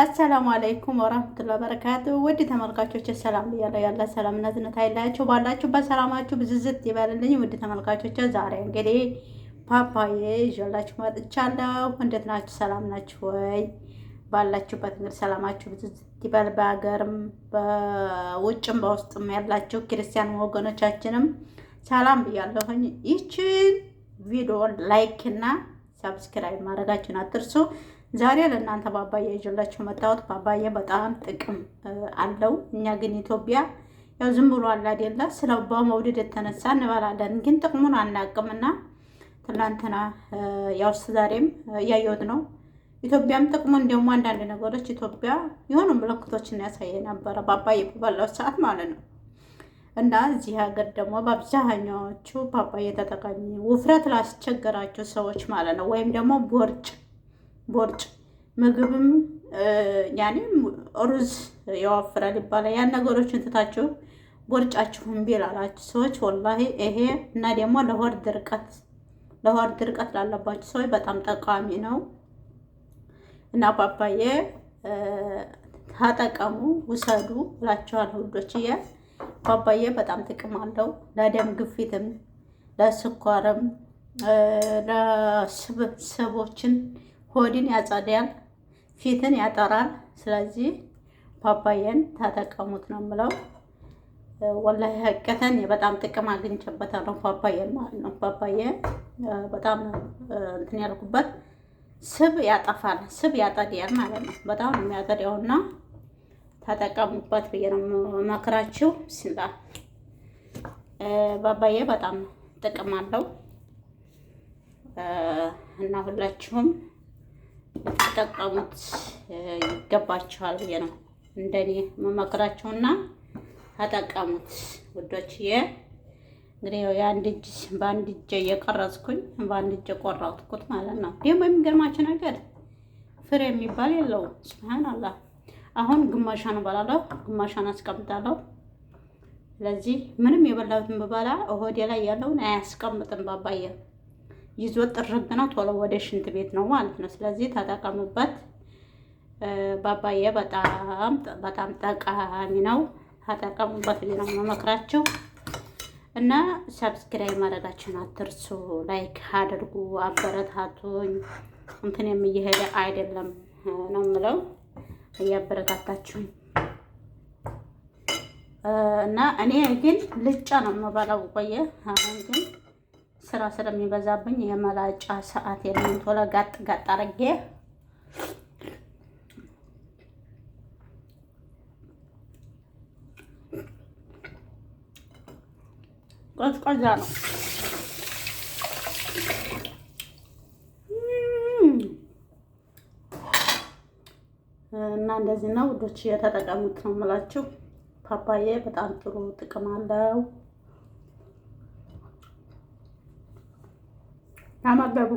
አሰላሙ አለይኩም ወራህመቱላሂ ወበረካቱ። ውድ ተመልካቾች ሰላም ብያለሁ። ያለ ሰላምና ዝነት አይለያችሁ። ባላችሁበት ሰላማችሁ ብዝዝት ይበልልኝ። ውድ ተመልካቾች ዛሬ እንግዲህ ፓፓዬ ይዤላችሁ መጥቻለሁ። እንዴት ናችሁ? ሰላም ናችሁ ወይ? ባላችሁበት እንግዲህ ሰላማችሁ ብዝዝት ይበል። በሀገርም በውጭም በውስጥም ያላችሁ ክርስቲያን ወገኖቻችንም ሰላም ብያለሁኝ። ይችን ቪዲዮ ላይክ እና ሰብስክራይብ ማድረጋችሁን አትርሱ። ዛሬ ለእናንተ ባባያ ይዤላችሁ መጣሁት። ባባያ በጣም ጥቅም አለው። እኛ ግን ኢትዮጵያ ያው ዝም ብሎ አለ አይደለ ስለ በመውደድ የተነሳ እንበላለን፣ ግን ጥቅሙን አናቅምና ትላንትና ያው ዛሬም እያየሁት ነው። ኢትዮጵያም ጥቅሙን ደግሞ አንዳንድ ነገሮች ኢትዮጵያ የሆኑ ምልክቶችን ያሳየ ነበረ ባባያ በበላው ሰዓት ማለት ነው። እና እዚህ ሀገር ደግሞ በአብዛኛዎቹ ፓፓዬ ተጠቃሚ ውፍረት ላስቸገራቸው ሰዎች ማለት ነው ወይም ደግሞ ቦርጭ ቦርጭ ምግብም ያኔ ሩዝ ያወፍራል ይባላል። ያን ነገሮች እንትታችሁ ቦርጫችሁን ቢላላችሁ ሰዎች ወላሂ ይሄ እና ደግሞ ለሆድ ድርቀት ለሆድ ድርቀት ላለባችሁ ሰዎች በጣም ጠቃሚ ነው እና ፓፓዬ ታጠቀሙ ውሰዱ እላችኋለሁ ውዶችዬ። ፓፓዬ በጣም ጥቅም አለው ለደም ግፊትም፣ ለስኳርም፣ ለስብ ለስቦችን ሆድን ያጸዳል፣ ፊትን ያጠራል። ስለዚህ ፓፓያን ተጠቀሙት ነው የምለው። ወላሂ ሀቀተን በጣም ጥቅም አግኝቼበታለሁ ፓፓያን ማለት ነው። ፓፓያ በጣም እንትን ያልኩበት ስብ ያጠፋል፣ ስብ ያጠዳል ማለት ነው። በጣም እና ተጠቀሙበት ብዬ ነው መክራችሁ። ስላ ፓፓያ በጣም ጥቅም አለው እና ሁላችሁም ሊጠቀሙት ይገባቸዋል ብዬ ነው እንደኔ መመክራቸውና ተጠቀሙት ውዶችዬ። እንግዲህ የአንድ እጅ በአንድ እጅ እየቀረጽኩኝ በአንድ እጅ ቆራጥኩት ማለት ነው። ደግሞ የሚገርማቸው ነገር ፍሬ የሚባል የለውም። ስብሀን አላህ። አሁን ግማሻን እበላለሁ፣ ግማሻን አስቀምጣለሁ። ስለዚህ ምንም የበላሁትን ብበላ ሆዴ ላይ ያለውን አያስቀምጥም ባባየ ይዞ ጥርብ ነው። ቶሎ ወደ ሽንት ቤት ነው ማለት ነው። ስለዚህ ተጠቀሙበት። ባባዬ በጣም በጣም ጠቃሚ ነው። ተጠቀሙበት ነው መመክራቸው እና ሰብስክራይብ ማድረጋችሁን አትርሱ። ላይክ አድርጉ፣ አበረታቱኝ። እንትን የሚሄደ አይደለም ነው የምለው እያበረታታችሁኝ እና እኔ ግን ልጫ ነው የምበላው። ቆየ አሁን ግን ስራ ስለሚበዛብኝ የመላጫ ሰዓት የለም። ቶሎ ጋጥ ጋጥ አድርጌ ቆዝቆዛ ነው እና እንደዚህ ነው ውዶች፣ የተጠቀሙት ነው የምላችሁ። ፓፓዬ በጣም ጥሩ ጥቅም አለው። አማገቡ